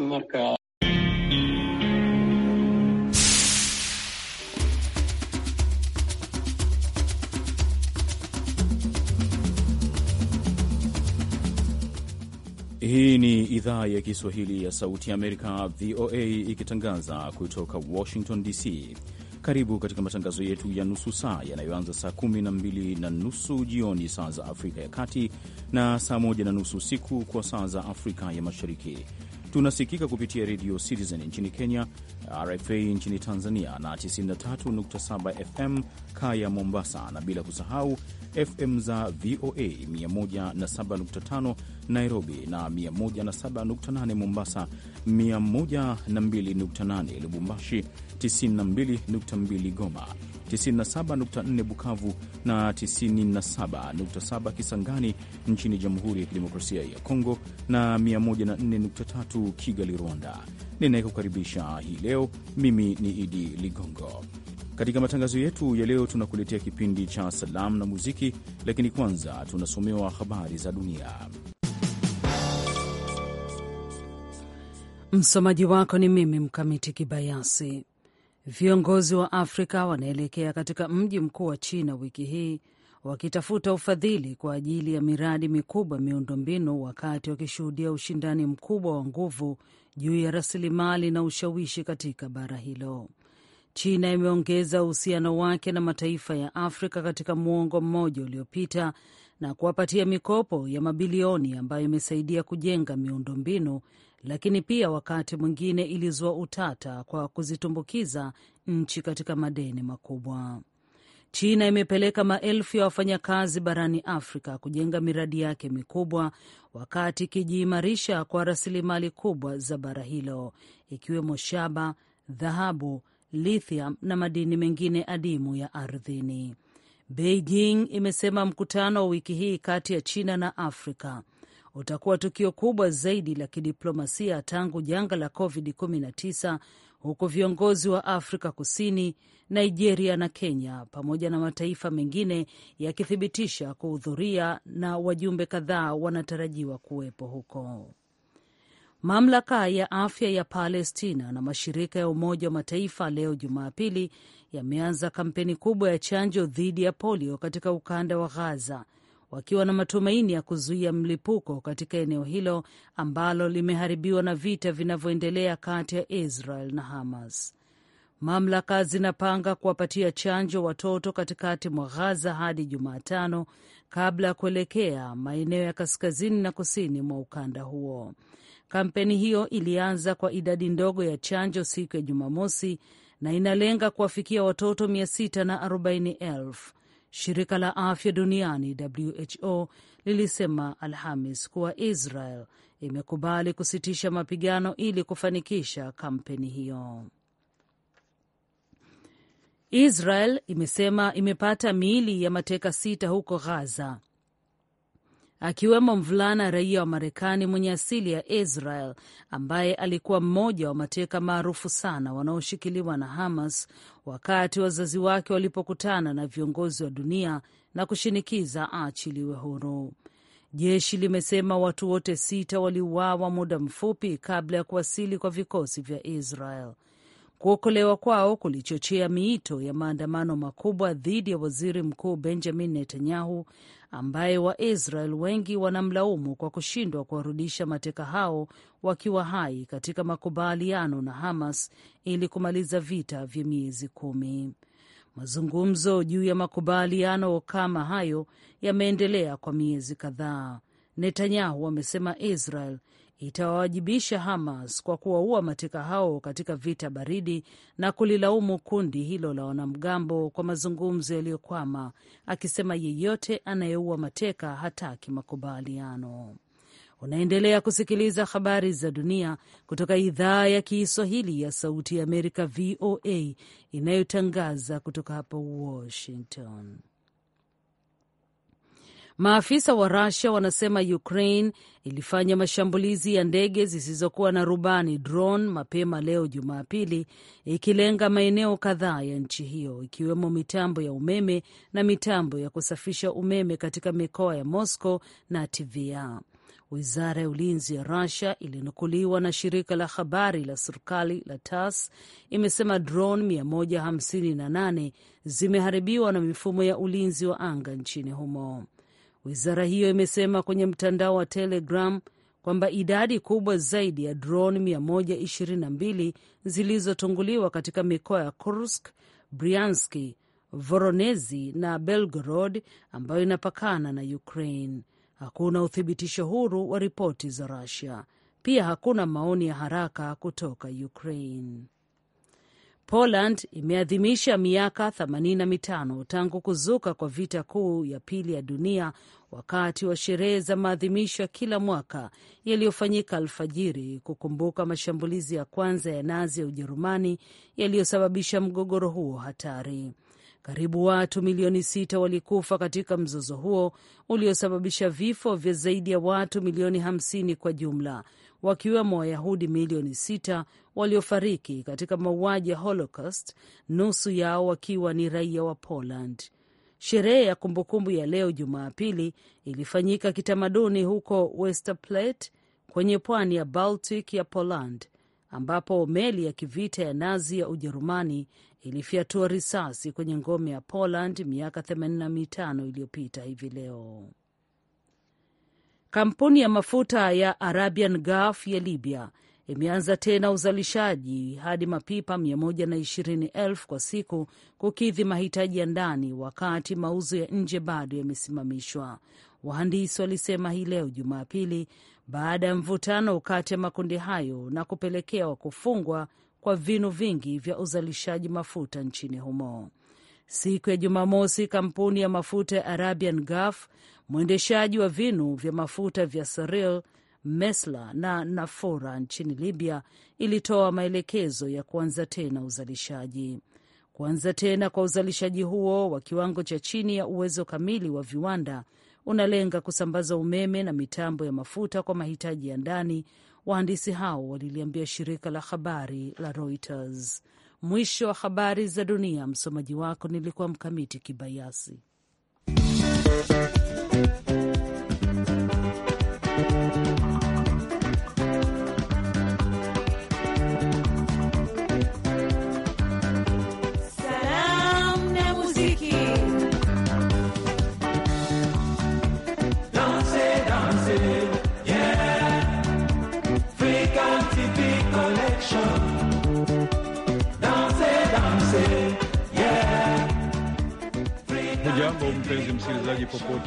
Marka... Hii ni idhaa ya Kiswahili ya Sauti ya Amerika, VOA, ikitangaza kutoka Washington DC. Karibu katika matangazo yetu ya nusu saa yanayoanza saa kumi na mbili na nusu jioni saa za Afrika ya Kati na saa moja na nusu usiku kwa saa za Afrika ya Mashariki. Tunasikika kupitia redio Citizen nchini Kenya, RFA nchini Tanzania na 93.7 FM Kaya Mombasa, na bila kusahau FM za VOA 107.5 Nairobi na 107.8 Mombasa, 102.8 Lubumbashi 92.2 Goma, 97.4 Bukavu na 97.7 Kisangani nchini Jamhuri ya Kidemokrasia ya Kongo na 104.3 Kigali, Rwanda. Ninayekukaribisha hii leo mimi ni Idi Ligongo. Katika matangazo yetu ya leo tunakuletea kipindi cha salamu na muziki, lakini kwanza tunasomewa habari za dunia. Msomaji wako ni mimi Mkamiti Kibayasi. Viongozi wa Afrika wanaelekea katika mji mkuu wa China wiki hii wakitafuta ufadhili kwa ajili ya miradi mikubwa miundombinu, wakati wakishuhudia ushindani mkubwa wa nguvu juu ya rasilimali na ushawishi katika bara hilo. China imeongeza uhusiano wake na mataifa ya Afrika katika muongo mmoja uliopita na kuwapatia mikopo ya mabilioni ambayo imesaidia kujenga miundombinu lakini pia wakati mwingine ilizua utata kwa kuzitumbukiza nchi katika madeni makubwa. China imepeleka maelfu ya wafanyakazi barani Afrika kujenga miradi yake mikubwa, wakati ikijiimarisha kwa rasilimali kubwa za bara hilo, ikiwemo shaba, dhahabu, lithium na madini mengine adimu ya ardhini. Beijing imesema mkutano wa wiki hii kati ya China na Afrika utakuwa tukio kubwa zaidi la kidiplomasia tangu janga la COVID-19 huku viongozi wa Afrika Kusini, Nigeria na Kenya pamoja na mataifa mengine yakithibitisha kuhudhuria na wajumbe kadhaa wanatarajiwa kuwepo huko. Mamlaka ya afya ya Palestina na mashirika ya Umoja wa Mataifa leo Jumapili yameanza kampeni kubwa ya chanjo dhidi ya polio katika ukanda wa Gaza wakiwa na matumaini ya kuzuia mlipuko katika eneo hilo ambalo limeharibiwa na vita vinavyoendelea kati ya Israel na Hamas. Mamlaka zinapanga kuwapatia chanjo watoto katikati mwa Ghaza hadi Jumatano kabla ya kuelekea maeneo ya kaskazini na kusini mwa ukanda huo. Kampeni hiyo ilianza kwa idadi ndogo ya chanjo siku ya Jumamosi na inalenga kuwafikia watoto 64 Shirika la afya duniani WHO lilisema Alhamis kuwa Israel imekubali kusitisha mapigano ili kufanikisha kampeni hiyo. Israel imesema imepata miili ya mateka sita huko ghaza akiwemo mvulana raia wa Marekani mwenye asili ya Israel ambaye alikuwa mmoja wa mateka maarufu sana wanaoshikiliwa na Hamas wakati wazazi wake walipokutana na viongozi wa dunia na kushinikiza aachiliwe huru. Jeshi limesema watu wote sita waliuawa muda mfupi kabla ya kuwasili kwa vikosi vya Israel. Kuokolewa kwao kulichochea miito ya maandamano makubwa dhidi ya waziri mkuu Benjamin Netanyahu, ambaye Waisrael wengi wanamlaumu kwa kushindwa kuwarudisha mateka hao wakiwa hai katika makubaliano na Hamas ili kumaliza vita vya miezi kumi. Mazungumzo juu ya makubaliano kama hayo yameendelea kwa miezi kadhaa. Netanyahu amesema Israel itawawajibisha Hamas kwa kuwaua mateka hao katika vita baridi na kulilaumu kundi hilo la wanamgambo kwa mazungumzo yaliyokwama, akisema yeyote anayeua mateka hataki makubaliano. Unaendelea kusikiliza habari za dunia kutoka idhaa ya Kiswahili ya Sauti ya Amerika, VOA, inayotangaza kutoka hapa Washington. Maafisa wa Russia wanasema Ukraine ilifanya mashambulizi ya ndege zisizokuwa na rubani drone mapema leo Jumapili, ikilenga maeneo kadhaa ya nchi hiyo ikiwemo mitambo ya umeme na mitambo ya kusafisha umeme katika mikoa ya Moscow na Tver. Wizara ya ulinzi ya Russia ilinukuliwa na shirika la habari la serikali la TASS imesema drone 158 zimeharibiwa na mifumo ya ulinzi wa anga nchini humo. Wizara hiyo imesema kwenye mtandao wa Telegram kwamba idadi kubwa zaidi ya droni 122 zilizotunguliwa katika mikoa ya Kursk, Brianski, Voronezi na Belgorod ambayo inapakana na Ukraine. Hakuna uthibitisho huru wa ripoti za Rusia. Pia hakuna maoni ya haraka kutoka Ukraine. Poland imeadhimisha miaka 85 tangu kuzuka kwa vita kuu ya pili ya dunia wakati wa sherehe za maadhimisho ya kila mwaka yaliyofanyika alfajiri kukumbuka mashambulizi ya kwanza ya Nazi ya Ujerumani yaliyosababisha mgogoro huo hatari. Karibu watu milioni sita walikufa katika mzozo huo uliosababisha vifo vya zaidi ya watu milioni hamsini kwa jumla wakiwemo Wayahudi milioni sita waliofariki katika mauaji ya Holocaust, nusu yao wakiwa ni raia wa Poland. Sherehe ya kumbukumbu ya leo Jumapili ilifanyika kitamaduni huko Westerplatte kwenye pwani ya Baltic ya Poland, ambapo meli ya kivita ya Nazi ya Ujerumani ilifyatua risasi kwenye ngome ya Poland miaka 85 iliyopita hivi leo. Kampuni ya mafuta ya Arabian Gulf ya Libya imeanza tena uzalishaji hadi mapipa 120,000 kwa siku kukidhi mahitaji ya ndani, wakati mauzo ya nje bado yamesimamishwa, wahandisi walisema hii leo Jumapili, baada ya mvutano kati ya makundi hayo na kupelekewa kufungwa kwa vinu vingi vya uzalishaji mafuta nchini humo. Siku ya Jumamosi, kampuni ya mafuta ya Arabian Gulf, mwendeshaji wa vinu vya mafuta vya Saril, Mesla na Nafora nchini Libya, ilitoa maelekezo ya kuanza tena uzalishaji. Kuanza tena kwa uzalishaji huo wa kiwango cha chini ya uwezo kamili wa viwanda unalenga kusambaza umeme na mitambo ya mafuta kwa mahitaji ya ndani, wahandisi hao waliliambia shirika la habari la Reuters. Mwisho wa habari za dunia. Msomaji wako nilikuwa Mkamiti Kibayasi.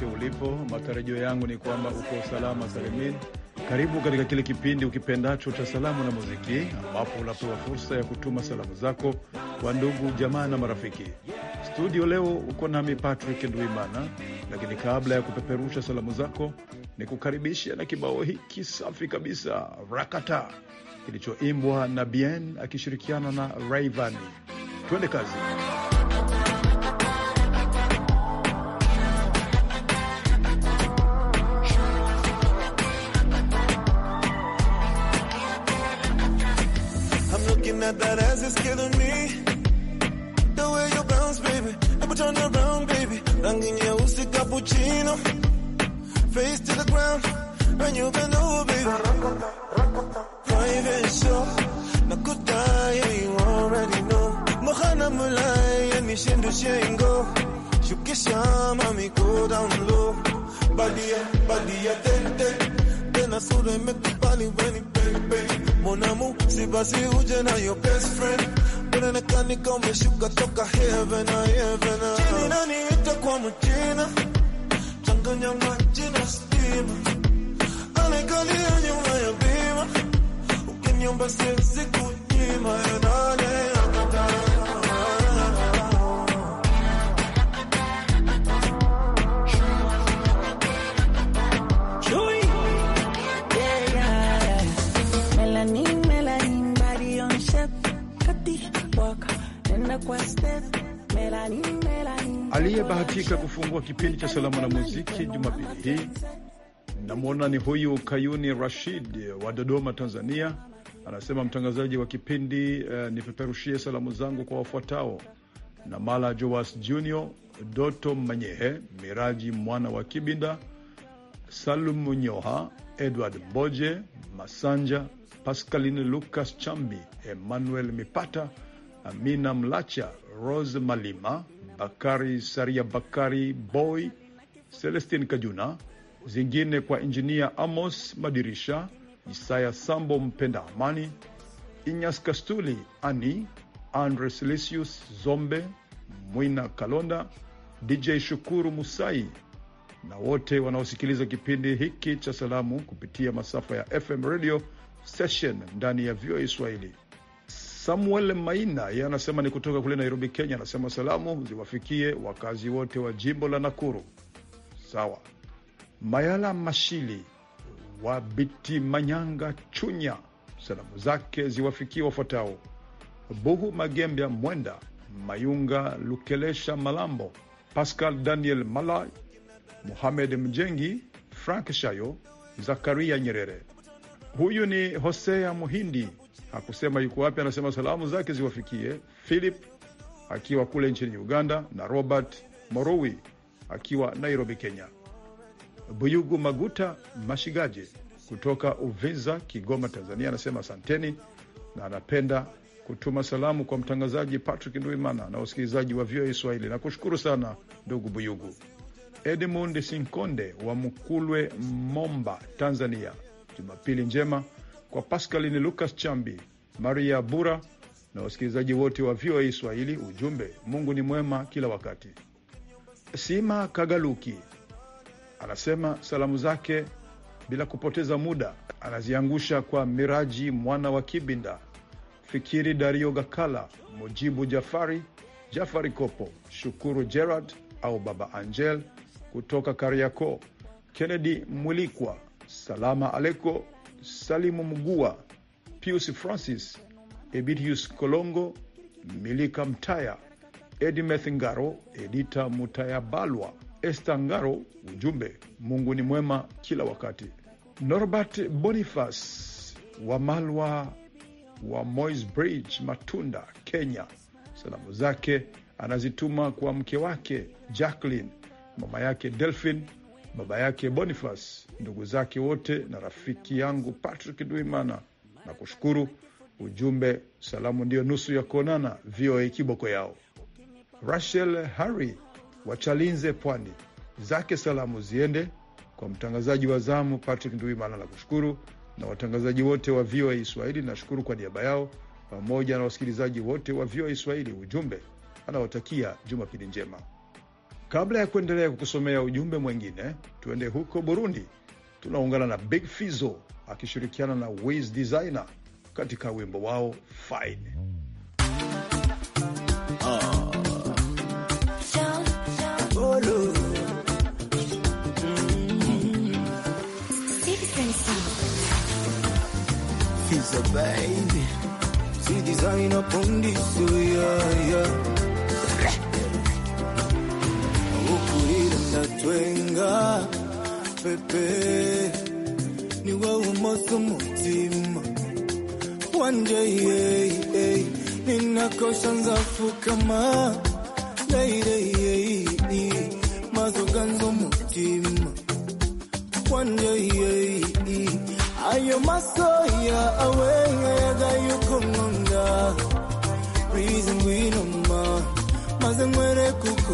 popote ulipo, matarajio yangu ni kwamba uko salama salimini. Karibu katika kile kipindi ukipendacho cha salamu na muziki, ambapo unapewa fursa ya kutuma salamu zako kwa ndugu, jamaa na marafiki. Studio leo uko nami Patrick Ndwimana, lakini kabla ya kupeperusha salamu zako, ni kukaribisha na kibao hiki safi kabisa, Rakata, kilichoimbwa na Bien akishirikiana na Rayvanny. Twende kazi. That ass is killing me. The way you bounce, baby. I Every turn around, baby. Langinieusi cappuccino. Face to the ground. When you bend over, baby. Private show. Nakudaya, you already know. Mohana mulai, and Nishindu Shengo. Shukisha, mami, go down low. Badia, badia, ten, ten. Then I saw them make the body when basi basi uje na your best friend, unaonekana kama umeshuka toka heaven na heaven. Jina nani ita kwa mchina, changanya maji na stima, ananikalia nyuma ya bima, ukiniomba siwezi kunyima ya nane Mwisho kufungua kipindi cha salamu na muziki jumapili hii, namwona ni huyu Kayuni Rashid wa Dodoma, Tanzania. Anasema mtangazaji wa kipindi eh, nipeperushie salamu zangu kwa wafuatao: Namala Joas Junior, Doto Manyehe, Miraji mwana wa Kibinda, Salum Nyoha, Edward Mboje, Masanja Pascaline, Lucas Chambi, Emmanuel Mipata, Amina Mlacha, Rose Malima, Bakari Saria, Bakari Boy, Celestin Kajuna, zingine kwa injinia Amos Madirisha, Isaya Sambo, Mpenda Amani, Inyas Kastuli, Ani andre silisius Zombe, Mwina Kalonda, DJ Shukuru Musai na wote wanaosikiliza kipindi hiki cha salamu kupitia masafa ya FM radio session ndani ya VOA Swahili. Samuel Maina yeye anasema ni kutoka kule Nairobi, Kenya. Anasema salamu ziwafikie wakazi wote wa jimbo la Nakuru. Sawa. Mayala Mashili wa Biti Manyanga, Chunya, salamu zake ziwafikie wafuatao: Buhu Magembya, Mwenda Mayunga, Lukelesha Malambo, Pascal Daniel Malai, Muhamed Mjengi, Frank Shayo, Zakaria Nyerere. Huyu ni Hosea Muhindi hakusema yuko wapi, anasema salamu zake ziwafikie Philip akiwa kule nchini Uganda na Robert Morowi akiwa Nairobi, Kenya. Buyugu Maguta Mashigaje kutoka Uvinza, Kigoma, Tanzania anasema asanteni, na anapenda kutuma salamu kwa mtangazaji Patrick nduimana na wasikilizaji wa VOA Swahili. Nakushukuru sana ndugu Buyugu. Edmund Sinkonde wa Mkulwe, Momba, Tanzania, jumapili njema kwa Pascaline Lucas Chambi, Maria Bura na wasikilizaji wote wa VOA Swahili. Ujumbe, Mungu ni mwema kila wakati. Sima Kagaluki anasema salamu zake bila kupoteza muda anaziangusha kwa Miraji mwana wa Kibinda, Fikiri Dario Gakala, Mujibu Jafari, Jafari Kopo, Shukuru Gerard au Baba Angel kutoka Kariakoo, Kennedy Mwilikwa, Salama Aleko Salimu Mgua, Pius Francis, Ebitius Kolongo, Milika Mtaya, Edimeth Ngaro, Edita Mutayabalwa, Esta Ngaro. Ujumbe, Mungu ni mwema kila wakati. Norbert Boniface Wamalwa wa mois Bridge, Matunda, Kenya, salamu zake anazituma kwa mke wake Jacqueline, mama yake Delphine baba yake Boniface, ndugu zake wote na rafiki yangu Patrick Duimana na kushukuru ujumbe. Salamu ndiyo nusu ya kuonana. VOA kiboko yao. Rachel Harry wachalinze pwani zake salamu ziende kwa mtangazaji wa zamu Patrick Nduimana na kushukuru, na watangazaji wote wa VOA Swahili nashukuru kwa niaba yao, pamoja na wasikilizaji wote wa VOA Swahili. Ujumbe anawatakia Jumapili njema. Kabla ya kuendelea kukusomea ujumbe mwengine, tuende huko Burundi. Tunaungana na Big Fizo akishirikiana na Wiz Designer katika wimbo wao Fine. Fizo baby, si designer pondisu pepe ni wowe umpoza umutima wanjye yeyi ninakosha nzapfukama leyileyi maze uganza umutima wanjye yeyi ayo maso yawe nkayaga yuko nkunda bize ngwinoma maze nkwere kuko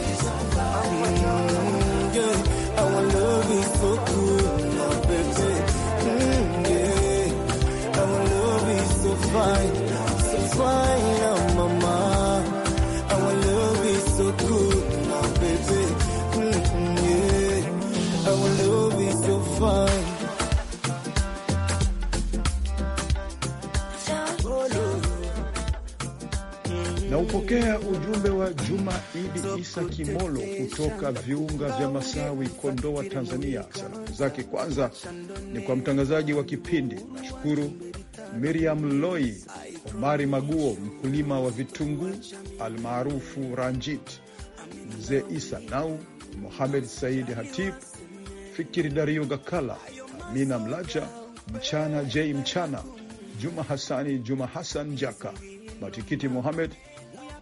Tusomea ujumbe wa Juma Idi Isa Kimolo kutoka viunga vya Masawi, Kondoa, Tanzania. Salamu zake kwanza ni kwa mtangazaji wa kipindi, nashukuru Miriam Loi, Omari Maguo, mkulima wa vitunguu almaarufu Ranjit, mzee Isa Nau, Mohamed Said Hatib, Fikiri Dario Gakala, Amina Mlacha, Mchana Jei Mchana, Juma Hasani, Juma Hasan Jaka, Matikiti Mohamed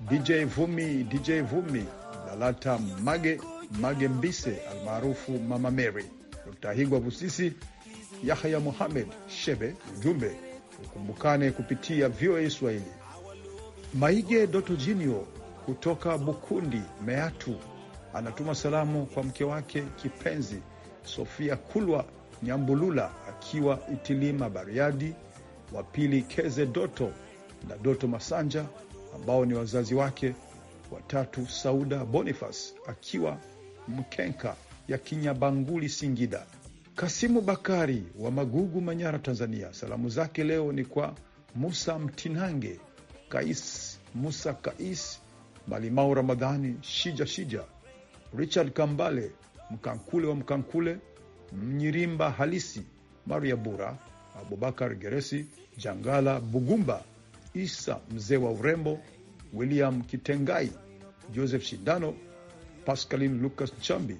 DJ Vumi, DJ Vumi, Lalata Mage, Mage Mbise almaarufu Mama Mary, Dr. Higwa Busisi, Yahya Muhamed Shebe. Ujumbe ukumbukane kupitia VOA Swahili. Maige Doto Jinio kutoka Bukundi Meatu anatuma salamu kwa mke wake kipenzi Sofia Kulwa Nyambulula akiwa Itilima Bariadi, wa pili Keze Doto na Doto Masanja ambao ni wazazi wake watatu, Sauda Boniface akiwa Mkenka ya Kinyabanguli, Singida. Kasimu Bakari wa Magugu, Manyara, Tanzania, salamu zake leo ni kwa Musa Mtinange, Kais Musa Kais, Malimau Ramadhani, Shija Shija, Richard Kambale, Mkankule wa Mkankule, Mnyirimba Halisi, Maria Bura, Abubakar Geresi, Jangala Bugumba Isa mzee wa urembo, William Kitengai, Joseph Shindano, Pascaline Lucas Chambi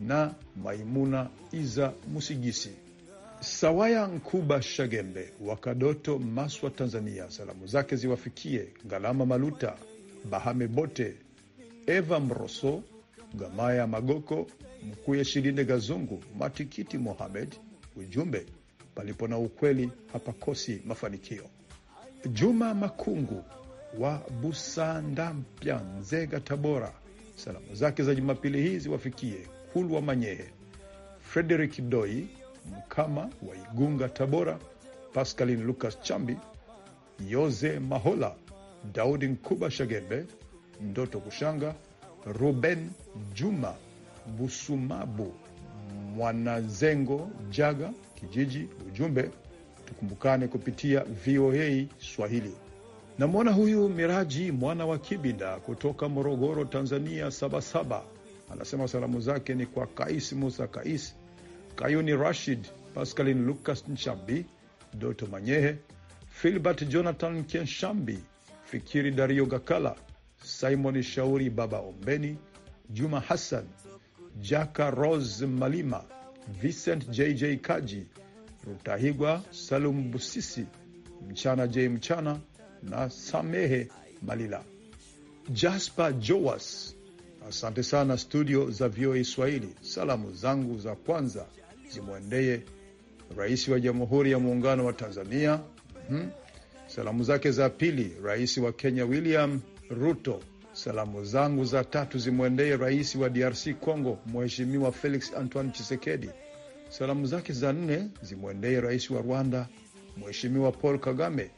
na Maimuna Iza Musigisi. Sawaya Nkuba Shagembe wa Kadoto, Maswa, Tanzania, salamu zake ziwafikie Ngalama Maluta, Bahame Bote, Eva Mroso, Gamaya Magoko, Mkuye Shilinde, Gazungu Matikiti, Mohamed. Ujumbe, palipo na ukweli hapakosi mafanikio. Juma Makungu wa Busandampya, Nzega, Tabora, salamu zake za Jumapili hii ziwafikie Kulwa Manyehe, Frederik Doi Mkama wa Igunga, Tabora, Pascalin Lucas Chambi, yose Mahola, Daudi Nkuba Shagembe, Ndoto Kushanga, Ruben Juma Busumabu, Mwanazengo Jaga Kijiji. Ujumbe tukumbukane kupitia VOA Swahili. Namwona huyu Miraji mwana wa Kibinda kutoka Morogoro, Tanzania, Sabasaba, anasema salamu zake ni kwa Kais Musa Kais, Kayuni Rashid, Pascalin Lucas Nchambi, Doto Manyehe, Filbert Jonathan Kenshambi, Fikiri Dario Gakala, Simon Shauri, Baba Ombeni, Juma Hassan, Jaka Rose Malima, Vincent JJ Kaji Rutahigwa Salum Busisi, Mchana J Mchana na Samehe Malila. Jasper Joas, asante sana studio za VOA Swahili. Salamu zangu za kwanza zimwendee Rais wa Jamhuri ya Muungano wa Tanzania. hmm Salamu zake za pili Rais wa Kenya William Ruto. Salamu zangu za tatu zimwendee Rais wa DRC Congo Mheshimiwa Felix Antoine Chisekedi. Salamu zake za nne zimwendee rais wa Rwanda Mheshimiwa Paul Kagame,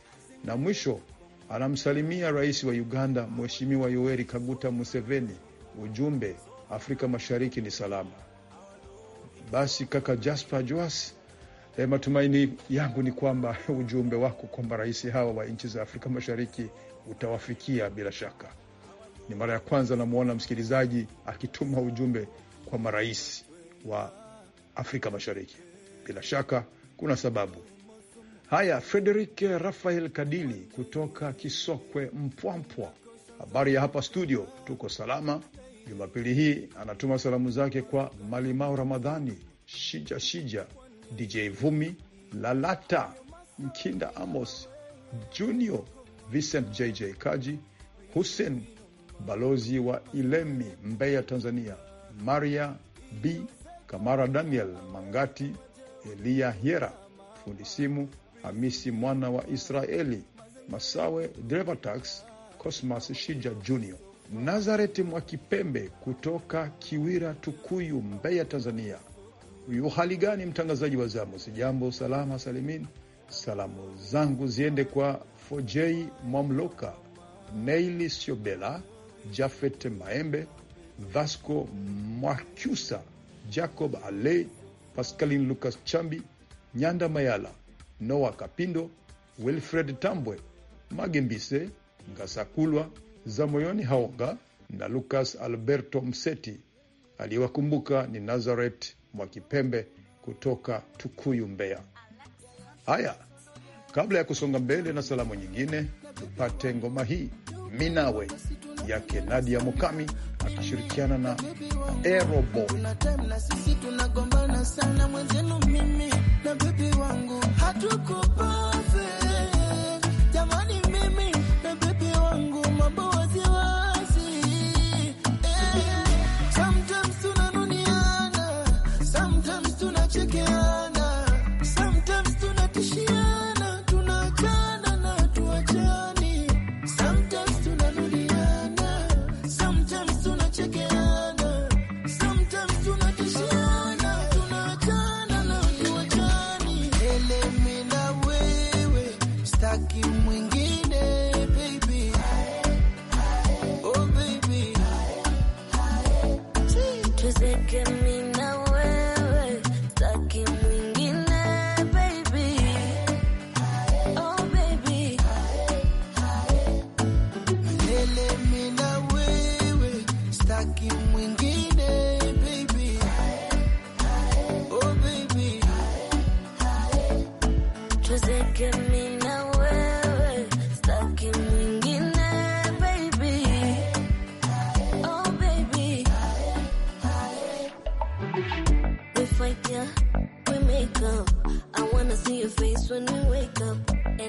na mwisho anamsalimia rais wa Uganda Mheshimiwa Yoweri Kaguta Museveni. Ujumbe, Afrika Mashariki ni salama. Basi kaka Jasper Joas, e, matumaini yangu ni kwamba ujumbe wako kwamba rais hawa wa nchi za Afrika Mashariki utawafikia bila shaka. Ni mara ya kwanza namwona msikilizaji akituma ujumbe kwa marais wa Afrika Mashariki. Bila shaka kuna sababu. Haya, Frederik Rafael Kadili kutoka Kisokwe, Mpwampwa, habari ya hapa studio. Tuko salama jumapili hii. Anatuma salamu zake kwa Malimao Ramadhani, Shija Shija, DJ Vumi, Lalata Mkinda, Amos Junior, Vincent JJ Kaji, Hussein balozi wa Ilemi, Mbeya, Tanzania, Maria B Kamara Daniel Mangati, Eliya Hiera fundi simu, Hamisi mwana wa Israeli Masawe, Drevatax Cosmas Shija Jr, Nazareti Mwakipembe kutoka Kiwira, Tukuyu, Mbeya, Tanzania. huyu hali gani mtangazaji wa zamu? Sijambo, salama salimin. Salamu zangu ziende kwa Fojei Mwamloka, Neili Siobela, Jafet Maembe, Vasco Mwakyusa Jacob alei Pascaline Lucas Chambi, Nyanda Mayala, Noah Kapindo, Wilfred Tambwe, Magembise Ngasakulwa, Zamoyoni Haonga na Lucas Alberto Mseti. Aliyewakumbuka ni Nazareth Mwakipembe kutoka Tukuyu, Mbeya. Haya, kabla ya kusonga mbele na salamu nyingine, tupate ngoma hii Minawe yake Nadia Mukami akishirikiana na Aerobo. it and me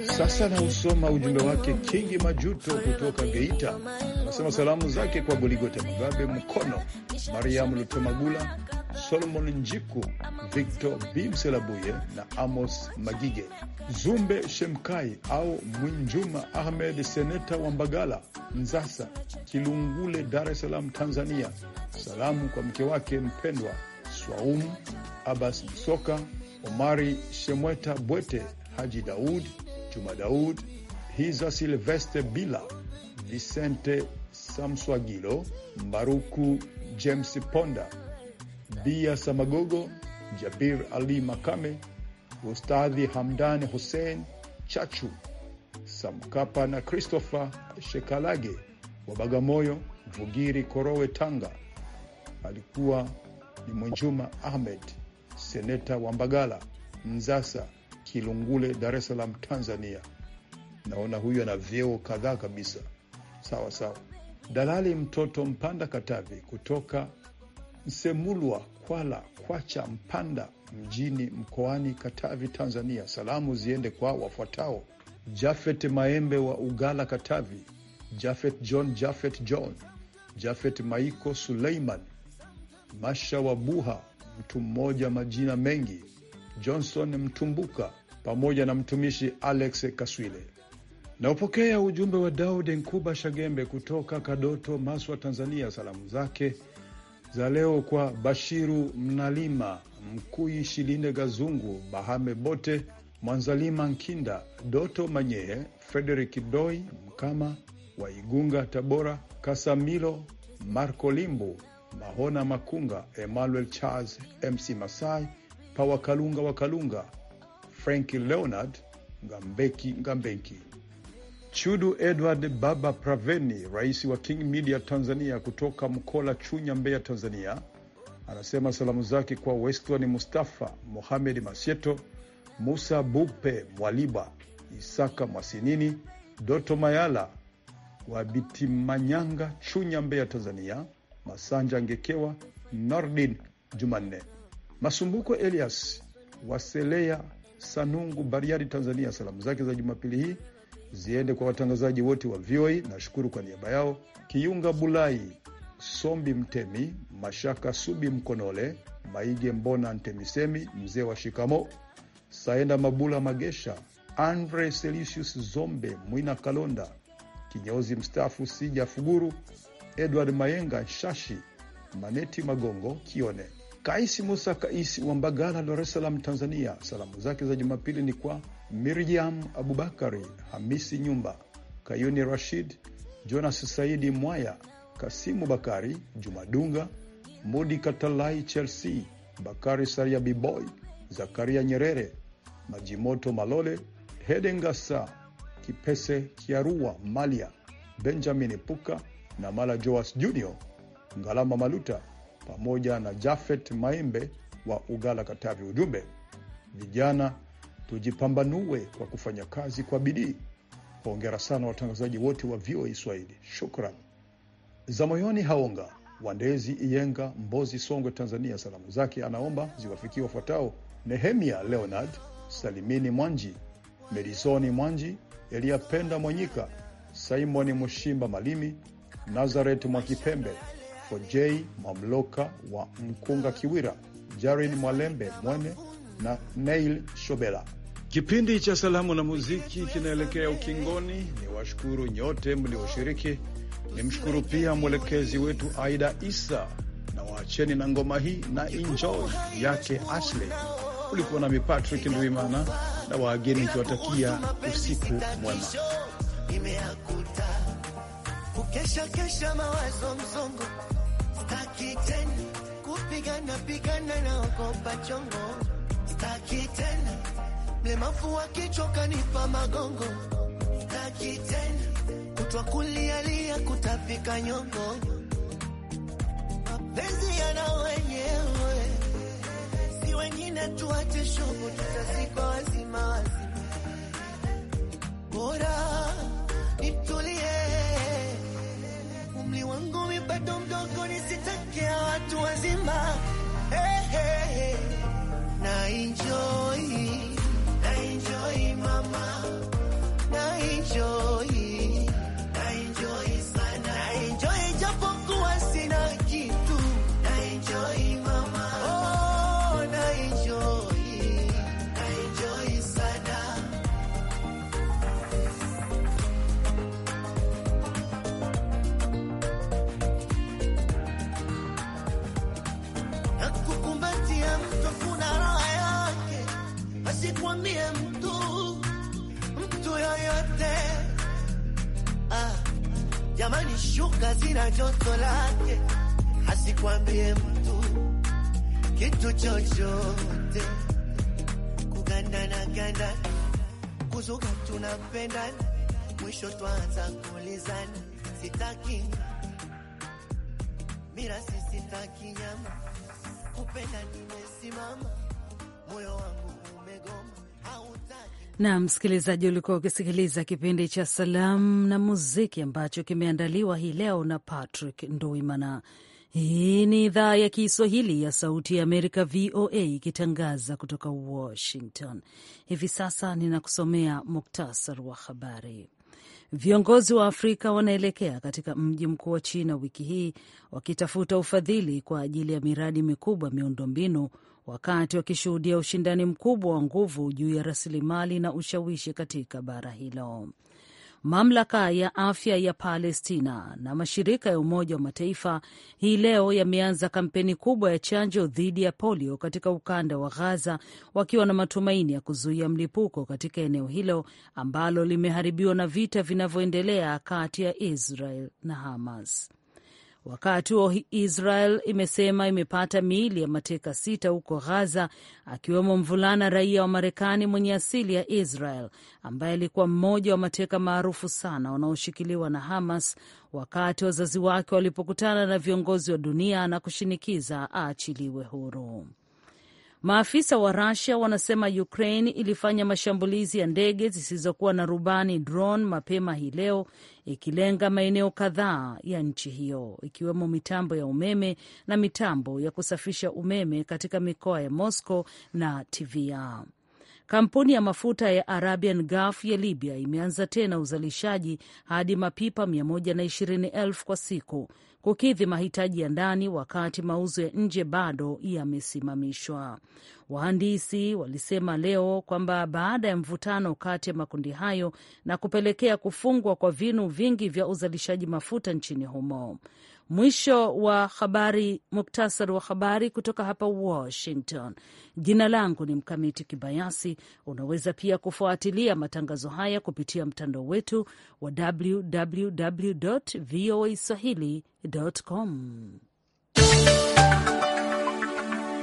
Sasa nausoma ujumbe wake Kingi Majuto kutoka Geita, anasema salamu zake kwa Goligote Magabe, Mkono Mariamu Lutemagula, Solomon Njiku, Victor Bimselabuye na Amos Magige, Zumbe Shemkai au Mwinjuma Ahmed, seneta wa Mbagala, Nzasa, Kilungule, Dar es Salaam, Tanzania. Salamu kwa mke wake mpendwa Swaumu abas Msoka Omari Shemweta Bwete, Haji Daud, Juma Daud, Hiza Silveste Bila, Vicente Samswagilo, Mbaruku James Ponda, Bia Samagogo, Jabir Ali Makame, Ustadhi Hamdan Hussein Chachu, Samkapa na Christopher Shekalage wa Bagamoyo, Vugiri Korowe, Tanga. Alikuwa ni Mwenjuma Ahmed seneta Mbagala, Mzasa Kilungule, Dar es Salaam, Tanzania. Naona huyu ana vyeo kadhaa kabisa. Sawa sawa. Dalali Mtoto Mpanda Katavi kutoka Nsemulwa Kwala Kwacha Mpanda mjini mkoani Katavi, Tanzania. Salamu ziende kwa wafuatao: Jafet Maembe wa Ugala, Katavi, Jafet John, Jafet John, Jafet Maiko Suleiman, Masha wa Buha mtu mmoja majina mengi, Johnson Mtumbuka pamoja na mtumishi Alex Kaswile. Naupokea ujumbe wa Daudi Nkuba Shagembe kutoka Kadoto, Maswa, Tanzania. Salamu zake za leo kwa Bashiru Mnalima, Mkui Shilinde, Gazungu Bahame, Bote Mwanzalima, Nkinda Doto, Manyehe Frederik Doi Mkama wa Igunga, Tabora, Kasamilo Marko Limbu Mahona Makunga, Emmanuel Charles, MC Masai, pa Kalunga wa Kalunga, Franki Leonard Ngambeki Ngambenki, Chudu Edward Baba Praveni, rais wa King Media Tanzania kutoka Mkola, Chunya, Mbeya, Tanzania, anasema salamu zake kwa Weston Mustafa, Mohamed Masieto, Musa Bupe Mwaliba, Isaka Mwasinini, Doto Mayala wa Bitimanyanga, Chunya, Mbeya, Tanzania. Masanja Ngekewa, Nordin Jumanne Masumbuko, Elias Waselea Sanungu, Bariadi, Tanzania. Salamu zake za Jumapili hii ziende kwa watangazaji wote wa VOA. Nashukuru kwa niaba yao, Kiunga Bulai, Sombi Mtemi, Mashaka Subi, Mkonole Maige, Mbona Ntemisemi, mzee wa shikamo, Saenda Mabula Magesha, Andre Selisius Zombe, Mwina Kalonda kinyozi mstaafu, Sija Fuguru Edward Mayenga Shashi, Maneti Magongo Kione, Kaisi Musa Kaisi wa Mbagala, Dar es Salaam, Tanzania. Salamu zake za Jumapili ni kwa Miriam Abubakari, Hamisi Nyumba, Kayuni Rashid, Jonas Saidi Mwaya, Kasimu Bakari, Jumadunga Mudi, Katalai Chelsea, Bakari Saria, Biboy Zakaria Nyerere, Majimoto Malole, Hedengasa Kipese Kiarua Malia, Benjamin Puka Mala Joas Junior, Ngalama Maluta pamoja na Jafet Maembe wa Ugala, Katavi. Ujumbe: vijana tujipambanue kwa kufanya kazi kwa bidii. Hongera sana watangazaji wote wa VOA Swahili, shukran. Za moyoni Haonga Wandezi Iyenga, Mbozi, Songwe, Tanzania. Salamu zake anaomba ziwafikie wafuatao: Nehemia Leonard, Salimini Mwanji, medisoni Mwanji, Eliapenda Mwanyika, Simoni Mushimba Malimi, Nazaret Mwakipembe, Fojei Mamloka wa Mkunga Kiwira, Jarin Mwalembe Mwene na Neil Shobela. Kipindi cha salamu na muziki kinaelekea ukingoni. Ni washukuru nyote mlioshiriki, nimshukuru pia mwelekezi wetu Aida Isa na waacheni na ngoma hii na enjoy yake Ashley. Ulikuwa nami Patrick Nduimana na wageni, ikiwatakia usiku mwema kesha kesha, mawazo mzongo staki tena kupigana pigana na ogopa chongo, staki tena mlemavu wa kichwa kanipa magongo, staki tena kutwa kulialia kutafika nyongo, mapenzi yana wenyewe, si wengine tuache shogo, tutazikwa wazima wazima, bora nitulie bado mdogo nisitakia watu wazima hey, hey, hey, na enjoy nione mtu mtu yoyote ah, jamani, shuka zina joto lake, asikwambie mtu kitu chochote, kugandana gandana, kuzuka tunapendana, mwisho twanza kuulizana, sitaki mirasi, sitaki nyama, kupenda nimesimama moyo wangu na msikilizaji, ulikuwa ukisikiliza kipindi cha Salamu na Muziki ambacho kimeandaliwa hii leo na Patrick Nduimana. Hii ni idhaa ya Kiswahili ya Sauti ya Amerika, VOA, ikitangaza kutoka Washington. Hivi sasa ninakusomea muktasar wa habari. Viongozi wa Afrika wanaelekea katika mji mkuu wa China wiki hii wakitafuta ufadhili kwa ajili ya miradi mikubwa miundombinu wakati wakishuhudia ushindani mkubwa wa nguvu juu ya rasilimali na ushawishi katika bara hilo. Mamlaka ya afya ya Palestina na mashirika ya Umoja wa Mataifa hii leo yameanza kampeni kubwa ya chanjo dhidi ya polio katika ukanda wa Ghaza, wakiwa na matumaini ya kuzuia mlipuko katika eneo hilo ambalo limeharibiwa na vita vinavyoendelea kati ya Israel na Hamas. Wakati huo Israel imesema imepata miili ya mateka sita huko ghaza akiwemo mvulana raia wa Marekani mwenye asili ya Israel ambaye alikuwa mmoja wa mateka maarufu sana wanaoshikiliwa na Hamas wakati wazazi wake walipokutana na viongozi wa dunia na kushinikiza aachiliwe huru. Maafisa wa Rusia wanasema Ukraine ilifanya mashambulizi ya ndege zisizokuwa na rubani drone mapema hii leo ikilenga maeneo kadhaa ya nchi hiyo ikiwemo mitambo ya umeme na mitambo ya kusafisha umeme katika mikoa ya Moscow na Tver. Kampuni ya mafuta ya Arabian Gulf ya Libya imeanza tena uzalishaji hadi mapipa 120,000 kwa siku kukidhi mahitaji ya ndani wakati mauzo ya nje bado yamesimamishwa. Wahandisi walisema leo kwamba baada ya mvutano kati ya makundi hayo na kupelekea kufungwa kwa vinu vingi vya uzalishaji mafuta nchini humo. Mwisho wa habari, muktasari wa habari kutoka hapa Washington. Jina langu ni Mkamiti Kibayasi. Unaweza pia kufuatilia matangazo haya kupitia mtandao wetu wa www voa swahili com.